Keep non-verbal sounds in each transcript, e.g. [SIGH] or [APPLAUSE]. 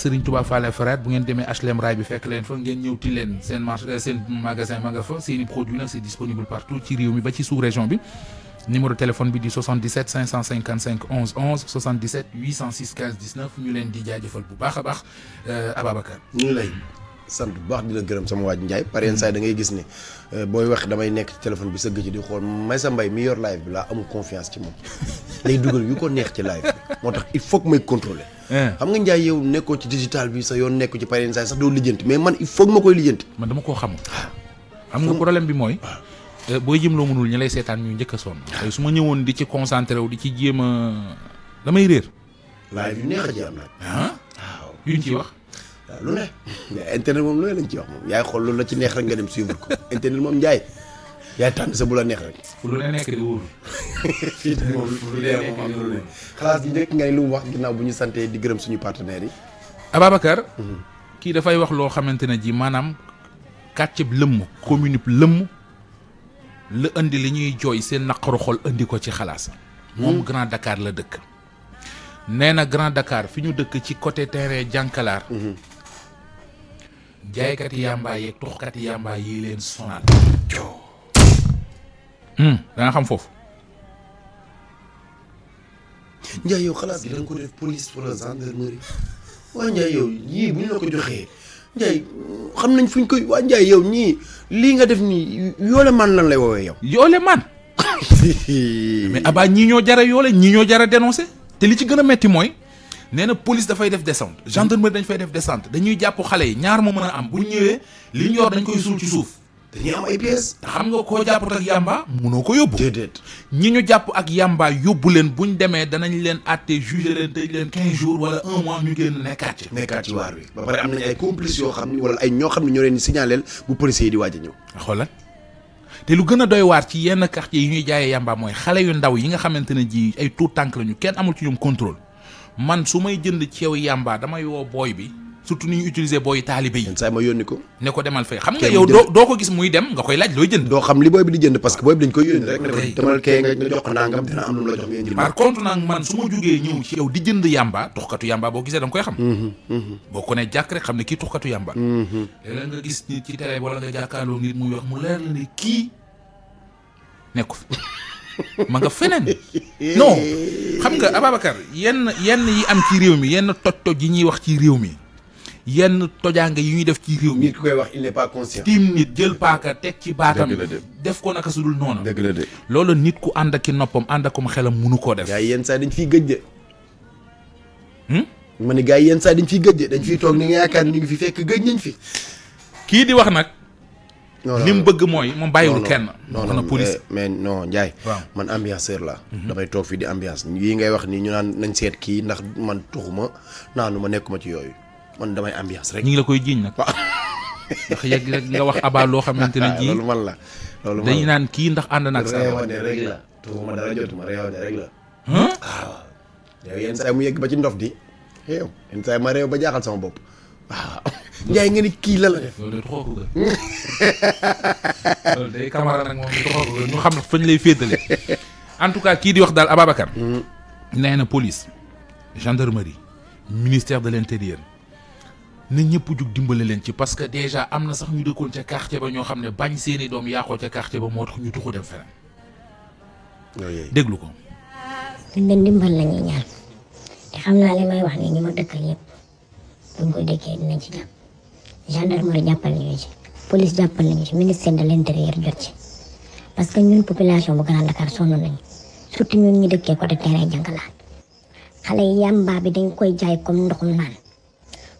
Serigne Touba Fallé Faraat bu ngeen demee HLM Ray bi fekk leen fa ngeen ñëw ti leen seen marché euh, seen magasin ma nga fa seen i produits c'est disponible partout ci réew mi ba ci sous région bi numéro téléphone bi di 77 555 11 11 77 806 15 19 ñu leen di jaajëfal bu baax a baax euh, Ababacar. ñu ngi lay sant bu baax di la gërëm sama waaj ñay par say da ngay gis ni euh, boy wax damay nekk ci téléphone bi sëgg ci di xool Maysa Mbaye mi yor live bi la amul confiance ci moom lay [LAUGHS] duggal yu ko neex ci live motax il faut que may contrôler. Eh. xam nga Ndiaye yow nekkoo ci digital bi sa yoon nekku ci parrainage sax doo lijjanti mais man il faut ma koy lijjanti. man dama koo xam. Ah. xam nga problème bi mooy. Ah. Eh, booy jëm loo mënul ñu lay seetaan ñu njëkk a sonn. Ah. tey su ma ñëwoon di ci concentré wu di ci jéem damay réer. laaj yu neex a ji am na. waaw ciy wax. waaw lu ne. mais internet moom lu ne lañ ci wax moom yaay xool loolu la ci neex rek nga dem suivre ko [LAUGHS] internet moom Ndiaye. ya tan sebulan bu la rek. lu ne nekk di wóor. fii de moom lu dee moom am ngay lu wax bu ñu di gërëm suñu partenaire yi. Mhm. ki da fay wax lo xamantene ne ji manam kàcce leum commune leum le andi li ñuy joy seen nakaru xol andi ko ci xalaas. Mhm. mom Grand Dakar la dekk neena Grand Dakar fi ñu dëkk ci côté terrain jànkalaar. Mhm. jaaykati yàmbaay yeeg tuxkati yamba yi len sonal. joo. Hmm, da nga xam foofu. Ndiaye yow xalaat bi da ko def police wala gendarmerie waa Ndiaye yow yii bu ñu la ko joxee Ndiaye xam nañ fuñ koy waa Ndiaye yow ñii lii nga def nii yoole man lan lay woowee yow. yoole man. [LAUGHS] mais abaa ñii ñoo jara yoole ñii ñoo jara dénoncé te li ci gën a métti mooy nee na police dafay def descente gendarmerie dañ fay def descente dañuy jàpp xale yi ñaar moo mën a am bu ñëwee li ñu yor dañ koy suul ci suuf. dañuy am ay pièces. te xam nga koo jàpput ak yàmba. munoo ko yóbbu déedéet. ñi ñu jàpp ak yàmba yóbbu leen bu ñu demee danañ leen àtte jugé leen tëj leen quinze jours wala un mois ñu génn nekkaat ci. nekkaat ci waar wi ba pare am nañ ay complices yoo xam ne wala ay ñoo xam ne ñoo leen di signaleel bu policier yi di waaj a ñëw. Ah, xoolal te lu gën a doy waar ci yenn quartier yi ñuy jaaye yàmba mooy xale yu ndaw yi nga xamante ne ji ay tuut tànk lañu kenn amul ci ñoom contrôle man su may jënd ceew yàmba damay woo booy bi surtout ni ñu utiliser booy taalibe yi. saa ma yónni ko. ne ko demal fay xam nga yow doo ko gis muy dem nga koy laaj looy jënd. doo xam li booy bi di jënd parce que booy bi dañ koy yónni rek. tey demal kee nga jox ko nangam dina am lu la jox ngeen jënd. par contre nag man su ma jugee ñëw ci yow di jënd yàmba tuxkatu yàmba boo gisee da nga koy xam. Mm-hmm, mm-hmm. boo ko ne jàkk rek xam ne kii tuxkatu yàmba. Mm-hmm. léeg-léeg nga gis nit ci télé wala nga jàkkaarloo nit muy wax mu leer ne kii nekku am ci réew mi yenn toj-toj ñuy wax ci réew mi yenn tojaange yi ñuy def ci réew mi. ki koy wax il n'est pas conscient. tiim nit jël paaka teg ci baatam. def ko naka su dul noonu. dëgg loolu nit ku ànd ak ki noppam ànd ak xelam munu koo def. gars yi yenn saa dañ fiy gëj de. Hmm? ma ne gars yi yenn saa dañ fiy gëj de dañ fi toog ni nga yaakaar ni ñu ngi fi fekk gëj nañ fi. kii di wax nag. li mu bëgg mooy moom bàyyiwul kenn. non non police eh, mais non Ndiaye. man ambianceur la mhm. damay toog fii di ambiance yi ngay wax ni ñu naan nañ seet kii ndax man tuxuma naanu ma nekkuma ci yooyu. man damay ambiance rek. ñu ngi la koy jiiñ nag. ndax yegg nga wax abaa loo xamante ne [LAUGHS] ji loolu man la loolu naan kii ndax ànd naag. sa réewane yenn saa mu yegg ba ci ndof di yow yenn saa ma réew ba jaaxal sama bopp waaw. [LAUGHS] nga ni kii la la def. loolu day kamara nag moom ñu xam ne fañ lay féetale [LAUGHS] en tout cas kii di wax daal Ababacar. Hmm. nee na police gendarmerie ministère de l'intérieur. na ñëpp jug dimbale leen ci parce que déjà am na sax ñu dëkkoon ca quartier ba ñoo xam ne bañ seeni doom yaaxoo ca quartier ba moo tax ñu tuxu dem feneen déglu ko dañ leen dimbal la ñuy ñaan te xam naa li may wax ni ñi ma dëkkal yëpp buñ ko dékkee dinañ ci jàpp gendarmerie jàppal nañu ci police jàppal nañu ci ministère de l'intérieur jot ci parce que ñun population bu Grand Dakar sonn nañu surtout ñun ñu dëkkee côté terrain jàngalaan xale yi yàmbaa bi dañ koy jaay comme ndoxum naan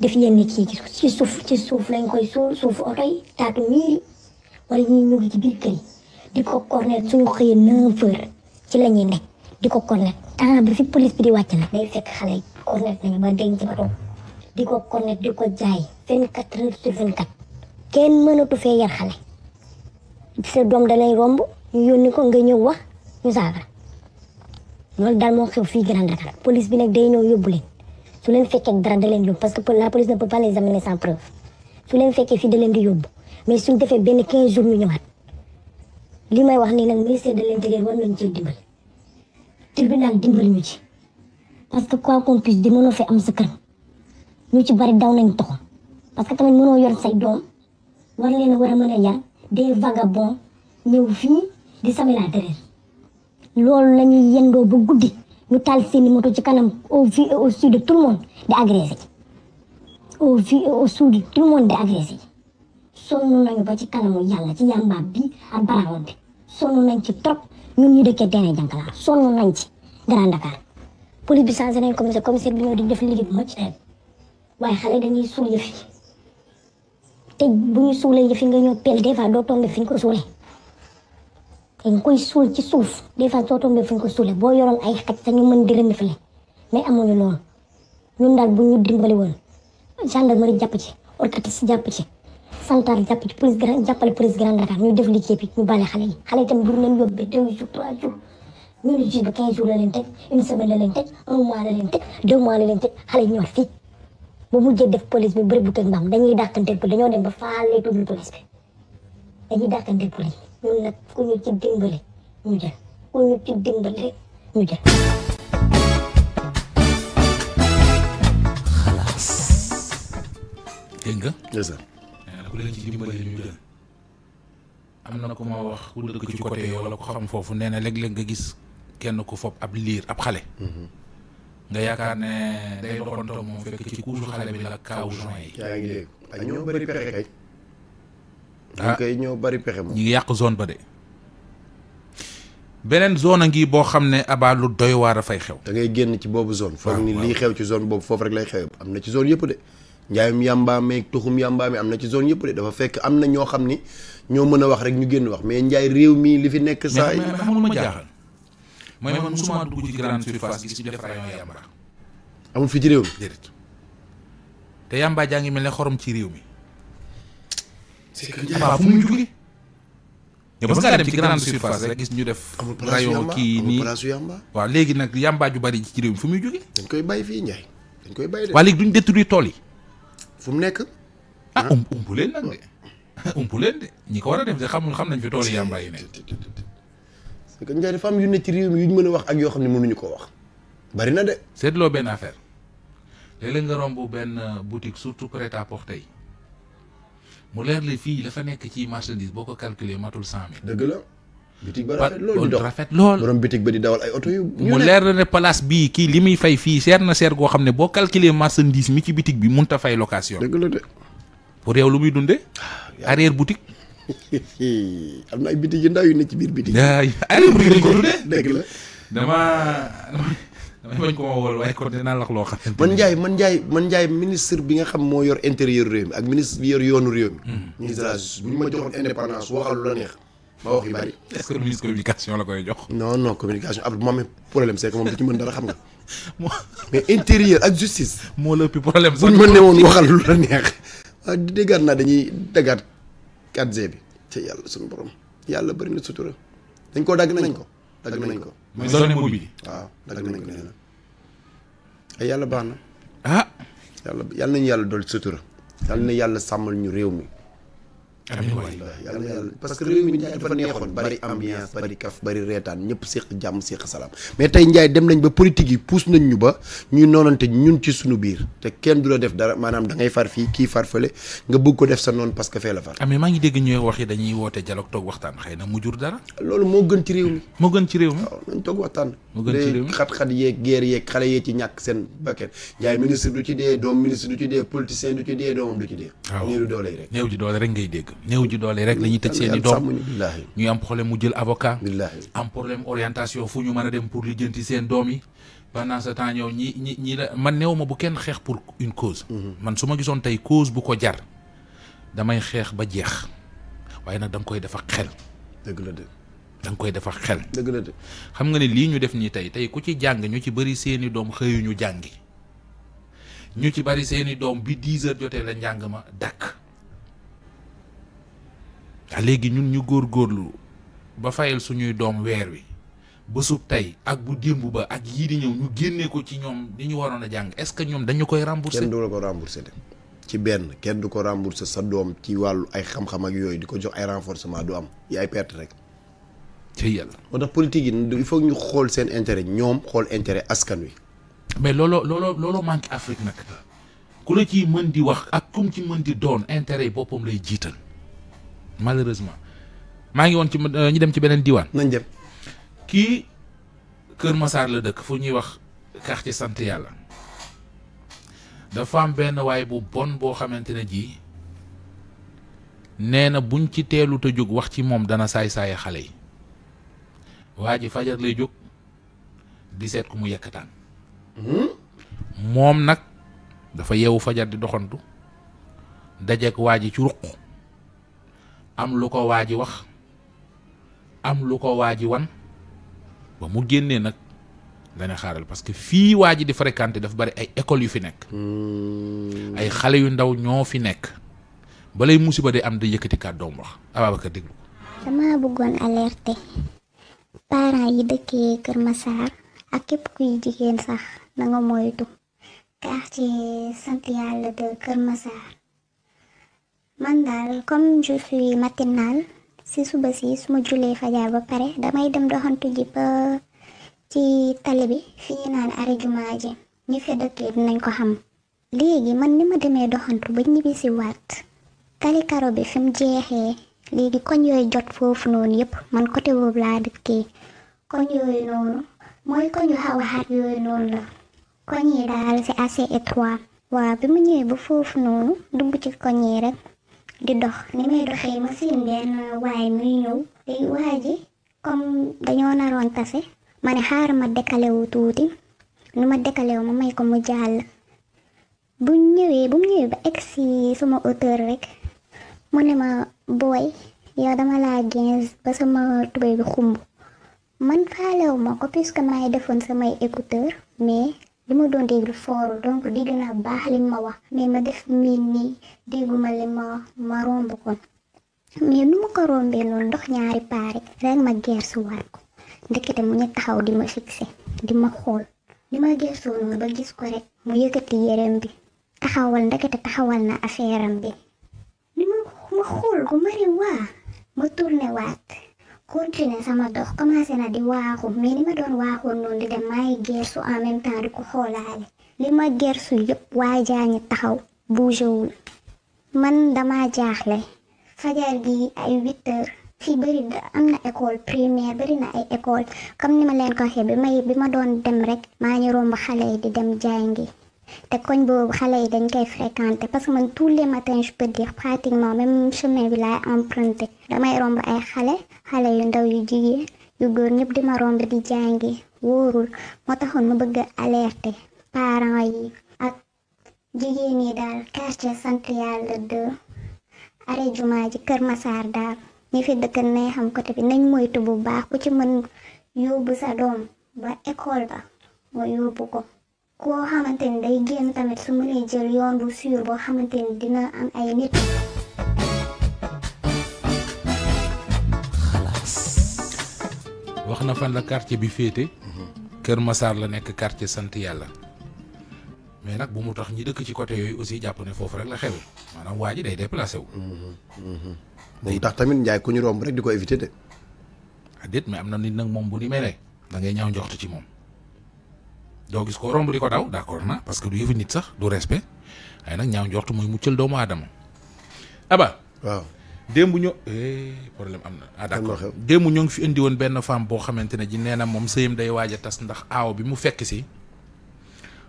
def yenn kii ci suuf ci lañ koy suul suuf oto yi taatu wala ñuy ñu ci di suñu xëyee neuf heures ci la di temps bi fi police bi di wàcc nag day fekk xale yi cornet ba di ko cornet di jaay vingt quatre sur vingt kenn mënatu fee yar xale sa doom danay romb ñu yónni ko nga ñëw wax ñu saaga loolu daal moo xew fii Grand police bi day su leen fekkee dara da leen yóbbu parce que la police ne peut pas les amener sans preuve su leen fekkee fii da leen di yóbbu mais suñ defee benn 15 jours ñu ñëwaat li may wax nii nag ministère de l'intérieur war nañ ci dimbali tribunal dimbali ñu ci parce que quoi qu'on puisse di mënoo fi am sa kër ñu ci bari daw nañ toxo parce que tamit mënoo yor say doom war leen a war a mën a yar des vagabonds ñëw fii di same la derrière loolu lañuy yendoo ba guddi ñu taal seen i moto ci kanam au vu et au su de tout le monde di agressé ji au vu et au su de tout le monde di ba ci kanamu yàlla ci yàmbaab bi ak baraamam bi sonn nañ ci trop ñun ñu dëkkee Dene Jankalaar sonn nañ ci Grand Dakar police bi changé nañ commissaire commissaire bi ñoo di def liggéey bu mucc ayib waaye xale dañuy suul yëf yi te bu ñu suulee yëf yi nga ñëw pelle des fois doo tombé fi ñu suulee. dañ koy suul ci suuf des fois soo tombee fu ñu ko boo yoroon ay xaj sax ñu mën di remercier mais amuñu loolu ñun daal bu ñu dimbali woon gendarmerie jàpp ci orcatis jàpp ci santar jàpp ci police grand jàppale police grand ñu def liggéey bi ñu bale xale yi xale yi tamit bu leen la leen teg une semaine la leen teg un mois la leen teg deux mois la leen xale yi ñëwaat fii ba mujjee def police bi bëri bu teg mbaam dañuy dàqanteeg police dañoo dem ba faale tudd police bi dañuy dàqanteeg police bi. ñun nag ku ñu ci dimbali ñu jël ku ñu ci dimbali ñu jël. am na ku ma wax ku dëkk ci côté wala ko xam foofu nee na léeg nga gis kenn ku fob ab liir ab xale. Mm-hmm. nga yaakaar ne day doxantoo moom fekk ci kuusu xale bi la kaawu joint yi. Ah. ñu koy ñoo bari pexe moom ngi yàq zone ba de. beneen zone a ngi boo xam ne abaa lu doy waar a fay xew. da ngay génn ci boobu zone. foog ni lii xew ci zone boobu foofu rek lay xew. am na ci zone yëpp de njaayum yàmbaa meeg mi am na ci zone yëpp de dafa fekk am na ñoo xam ni ñoo mën a wax rek ñu génn wax mais njaay réew mii li fi nekk. saa yi mais xam nga ma jaaxal. mooy ci grande surface gis ñu def rayon amul fi ci réew mi déedéet. te yàmbaa jaa ngi mel ne xorom ci réew mi. c'est que jamaa fu muy jógee. yow parce que dem ci grande surface rek gis ñu def. amul place rayon kii nii waaw léegi nag yàmbaa ju bari ci réew mi fu muy jógee. dañ koy bàyyi fii Ndiaye dañ koy bàyyi de. waa léegi duñ détruire tool yi. fu mu nekk. ah um umpu leen nag de. [LAUGHS] umpu leen de ñi ko war a def de xamul xam nañ fi tool yi yàmbaa yi nekk. parce que Ndiaye ne ci réew yu ñu mën a wax ak yoo xam ne mënuñu ko wax. bari na de. seetloo benn affaire léegi léeg nga romb benn boutique surtout prêt à porter mu leer la fii dafa nekk ci marchandise boo ko calculer matul cent mille. dëgg la. bitig ba rafet lool di dox rafet lool. borom bitig ba di dawal ay oto yu. mu leer la ne place bi kii li muy fay fii seer na seer goo xam ne boo calculer marchandise mi ci bitig bi mun ta fay location. dëgg la de. pour yow lu muy dundee. Ah, arrière boutique. [LAUGHS] am na ay bitig yu ndaw yu ne ci biir bitig. arrière boutique lañ ko damay bañ ko wool waaye man Ndiaye man Ndiaye man ministre bi nga xam moo yor intérieur réew mi ak ministre bi yor yoonu réew mi hmm. ministre de la ma koy jox non non communication ab moom problème c'est que moom da ci mën dara xam nga [LAUGHS] mais intérieur ak justice moo la ëpp problème buñ ma ne woon waxal lu la neex waaw ah, déggaat naa bi te yàlla suñu borom yàlla bëri na sutura dañ koo dagg nañ ko dagg nañ ko mooy zone mobile waaw dagg nañ ko ay yàlla baax na ah yàlla yàlla nañu yàlla dool sutura na yàlla sàmmal ñu réew mi amiin waay yàlla yàlla parce que réew mi Ndiaye dafa neexoon bari ambiance bari kaf bari reetaan ñëpp séq jàmm séq salaam mais tey Ndiaye dem nañ ba politique yi pousse nañ ñu ba ñuy noonante ñun ci suñu biir te kenn du la def dara maanaam da ngay far fii kii far fële nga bëgg ko def sa noon parce que fee la far. ah mais maa ngi dégg ñooy wax yi dañuy woote dialogue toog waxtaan xëy na mu jur dara. loolu moo gën ci réew mi. moo gën ci réew mi nañ toog waxtaan. moo gën ci réew mi xat-xat yeeg xale yee ci ñàkk seen bakket Ndiaye ministre du ci dee ci dee politicien du ci dee doomam du ci dee. waaw néew doole rek ngay dégg néew ji doole rek la ñuy tëj seen i doom ñuy am problème mu jël avocat am problème orientation fu ñu mën a dem pour lijjanti seen doom yi pendant ce temps ñow ñi ñi ñi man néew ma bu kenn xeex pour une cause mhm. man su ma gisoon tey cause bu ko jar damay xeex ba jeex waaye nag danga koy defar xel dëgg la koy defar xel dëgg xam nga ne lii ñu def nii tey tey ku ci jàng ñu ci bari seeni doom xëyuñu jàngi ñu ci bëri seeni doom bi dix heures jotee la njàng ma dàkk te léegi ñun ñu góor góorlu ba fayal suñuy doom weer wi bésub tey ak bu démb ba ak yii di ñëw ñu génnee ko ci ñoom di ñu waroon a jàng est-ce que ñoom dañu koy rembourser kenn du ko rembourser de ci benn kenn du ko rembourser sa doom ci wàllu ay xam-xam ak yooyu di ko jox ay renforcement du am yi ay perte rek ci yàlla moo tax politique yi il faut ñu xool seen intérêt ñoom xool intéret askan wi mais looloo looloo looloo manque Afrique nag ku la ciy mën di wax ak kum ci mën di doon intérêt yi boppam lay jiital malheureusement maa ngi woon ci euh, ñu dem ci beneen diwaan. nañ dem kii Kër Massar la dëkk fu ñuy wax quartier sant yàlla dafa am benn waay bu bon boo xamante ne jii nee na buñ ci teelut a jóg wax ci moom dana saay-saaya xale yi waa ji fajar lay jóg di seet ku mu yekkataan hmm? moom nag dafa yeewu fajar di doxantu dajeek waa ji ci ruq am lu ko waji wax am lu ko waji wan ba mu génnee nag dana xaaral parce que fi waji di fréquenter daf bari ay école yu fi nekk hmm. ay xalé yu ndaw ñoo fi nek balay musiba day am da ka doom wax Ababacar deglu dama bëggoon alerter parents yi dëkke Kër saar ak képp kuy jigéen sax na nga moytu ci sant yàlla de Kër saar man daal comme je suis matinale si suba si suma ma jullee fajar ba pare damay dem doxantu ji ba ci tali bi fii naan arjuma ji ñi fi dëkkee dinañ ko xam léegi man ni ma demee doxantu ba ñibbi si waat tali karo bi fi mu jeexee léegi koñ yooyu jot foofu noonu yëpp man côté boobu laa dëkkee koñ yooyu noonu mooy koñ yu xaw noonu la koñ daal c'est assez étroit waaw bi mu ñëwee ba foofu noonu dugg ci koñ rek di dox ni may doxee ma seen benn waaye muy ñëw léegi waa comme dañoo naroon tase ma ne xaaral ma décalé tuuti nu ma décalé ma may ko mu jàll bu ñëwee bu ñëwee ba egg si sama hauteur rek mu ne ma booy yow dama laa gens ba sama tubéy xumb man faalew ma ko puisque may defoon samay écouteur mais li ma doon déglu fooru donc dégg naa baax li ma wax mais ma def miin nii dégguma li ma wax ma romb kon mais nu ma ko rombee noonu ndox ñaari paari rek ma gersu waat ko ndekete mu ñu taxaw di ma fixé di ma xool li ma gersoo noonu gis ko rek mu yëkkati yërëm bi taxawal ndekete taxawal na affaire bi li ma ma xool ko mari waa ma tourné waat continuer sama dox commencé na di waaxu mais ma doon waaxu noonu di dem maay gersu en même temps ko xoolaale li ma gersu yëpp waa jaañi taxaw bougéwul man dama jaaxle fajar gi ay huit heures fii bëri am na école primaire bëri na ay école comme ni ma leen ko bi ma doon dem rek maa ngi romb xale yi di dem jàngi te koñ boobu xale yi dañ koy fréquenter parce que man tous les matins je peux dire pratiquement même chemin bi laay emprunté damay romb ay xale xale yu ndaw yu jigéen yu góor ñëpp dima romb di jàngi wóorul moo taxoon ma bëgg alerter parents yi ak jigéen yi daal quartier sant yàlla de are jumaa ji Kër Massar daal ñi fi dëkk nay xam côté bi nañ moytu bu baax ku ci mën yóbbu sa doom ba école ba nga yóbbu ko ko xamanteni day genn tamit su mune jël yoon bu sûr bo xamanteni dina am ay nit. xalaas. fan la quartier bi fété keur Massar la nek quartier sante yalla mais nak bu mu ñi dëkk ci côté yoy aussi japp ne fofu rek la xew manam waji day déplacé wu. bu tax tamit ñay ku ñu romb rek di ko éviter de. Adit, mais amna nit nak mom bu ni melee da ngay ñaw ñoxtu ci mom donc gis ko romb di daw d' na parce ah, que du yëfi nit sax du respect waaye nag ñaaw njort mooy muccal doomu aadama aba waaw démb ñoo problème am ah d' accord démb fi indi woon benn femme boo xamante ne ji nee na moom sëyam day waaj a tas ndax aaw bi mu fekk si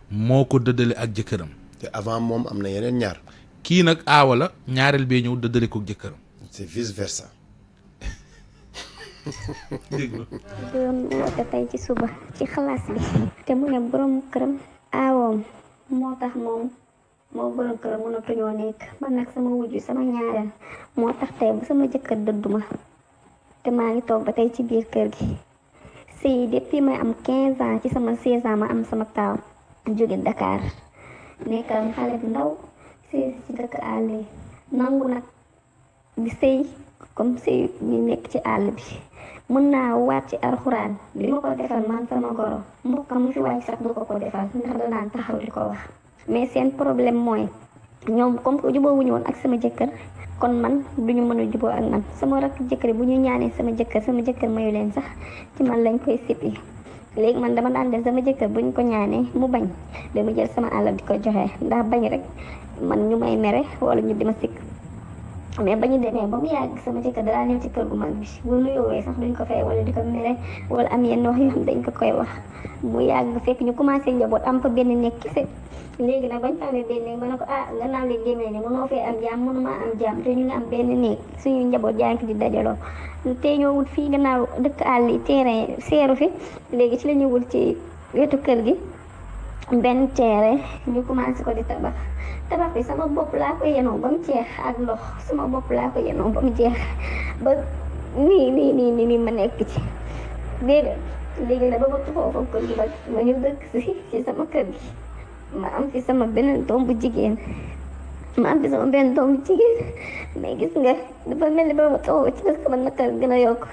moo ko dëddale ak jëkkëram te avant moom am na ñaar kii ko c'est vice versa dégg nga. doon woote tey ci suba ci xalaas bi te mu ne borom këram aawoom moo tax moom moo borom këram mënatuñoo nekk man nag sama wujju sama ñaareel moo tax tey bu sama jëkkër dëdduma te maa ngi toog ba tey ci biir kër gi sëy depuis may am 15 ans ci sama 16 ma am sama taaw jóge Dakar nekkal xale bu ndaw sëy ci dëkk àll nangu nag di sëy comme si ñu nekk ci àll bi mën naa waat ci alxuraan li ma ko defal man sama goro mbokka mu fi wàcc sax du ko ko defal ndax da taxaw di ko wax mais seen problème mooy ñoom comme que jubóowuñu woon ak sama jëkkër kon man duñu mën a juboo ak man sama rak jëkkër bu ñu ñaanee sama jëkkër sama jëkkër mayu leen sax ci man lañ koy sippi léegi man dama daan def sama jëkkër buñ ko ñaanee mu bañ dama jël sama àll di ko joxe ndax bañ rek man ñu may mere wala ñu dima sikk mais ba ñu demee ba mu yàgg sama jëkkër dalaa ñëw ci kër gu mag bi bu nuyoowee sax duñ ko fay wala di ko mere wala am yenn wax yoo xam dañ ko koy wax mu yàgg fekk ñu commencé njaboot am fa benn nekk kese léegi nag bañ fa amee benn néeg ko ah gannaaw léegi demee ne mënoo fee am jaam mënuma am jaam te ñu ngi am benn néeg suñu njaboot jaa ngi di dajaloo te ñoo wut fii gannaaw dëkk àll yi seeru fi léegi ci la wut ci wetu kër gi benn ceere ñu commencé ko di tabax tabax bi sama bop la ko yenoo ya, bam mu jeex ak lox sama bop la ko yenoo ya, bam mu jeex ba ni ni ni ni ni ma nekk ci déedéet léegi la ba ma tuxoo fa kër gi ba ma ñu dëkk ci ci sama kër gi ma am fi sama beneen doom bu jigéen eh. ma am fi sama benn doom bu jigéen eh. mais gis nga dafa melni ni ba ma ci la sama nakar gëna a yokk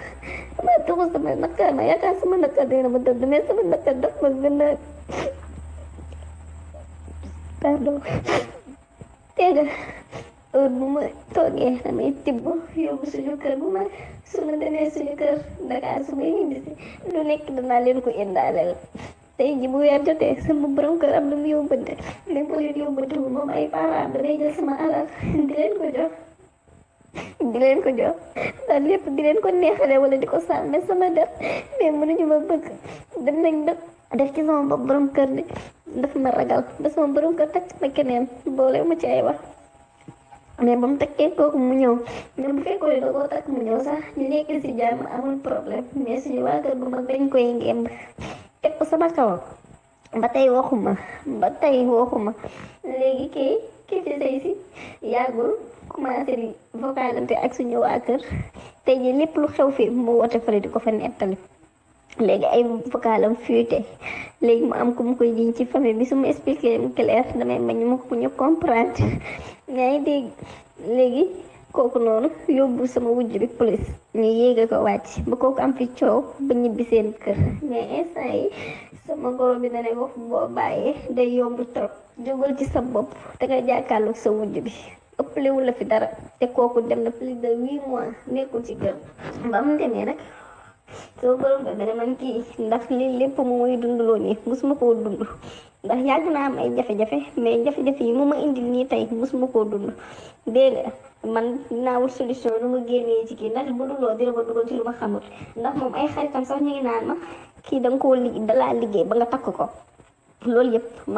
dama taxu sama nakar ma yaaka sama nakar dina ma dëgg mais sama nakar dafa gëna pero tiyaga ur buma toge nami tibo yobu sunyo kar buma sunan dene sunyo kar naka asume hindi si dunik dunalin ku indalal tayi jibu yar jote sembu brong kar ablum yobu bende ne puyo yobu bende buma mai para bende jas ya, ma ala dilen ku jo dilen ku jo dalip ya, dilen ku ne hale wala diko sa me sama dar ne munu jumabak dan neng ada जो हम ब्रूम कर दी दस मर tak बस हम ब्रूम कर तक तक ने बोले mu cey wax mais bam tekkee kooku mu ñëw même bu fekkoon da koo takk mu ñëw sax ñu nekk si jàmm sama ya, kau, ba tey waxuma ba lagi ke, léegi kii kii fi sëy si yàggul di vocalante ak suñu waa kër tey ji lépp lu xew fi mu woote fële di ko fa léegi ay vocalam fuité léegi mu am ku mu koy jiñ ci famille bi su ma expliqué mu clair damay ma mu ko ko ñu comprendre yaa ngi léegi kooku noonu yóbbu sama wujj bi police ñu yéege ko wàcc ba kooku am fi coow ba ñibbi seen kër mais sama goro bi na ne ko boo day yomb trop jógal ci sa bopp te nga sa wujj bi ëpplewu la fi dara te kooku dem na plus de huit mois nekkul ci kër ba mu demee nag soo borom bébé de man kii ndax lii lépp mu mooy dund loo nii musuma koo dund ndax yàgg naa am ay jafe-jafe mais jafe-jafe yi mu ma indil nii tey musuma koo dund dégg nga man naa wut solution lu ma génnee ci kii ndax bu duloo dina ma dugal ci lu ma xamul ndax moom ay xaritam sax ñu ngi naan ma kii da nga koo liggéey dalaa liggéey ba nga takk ko loolu yëpp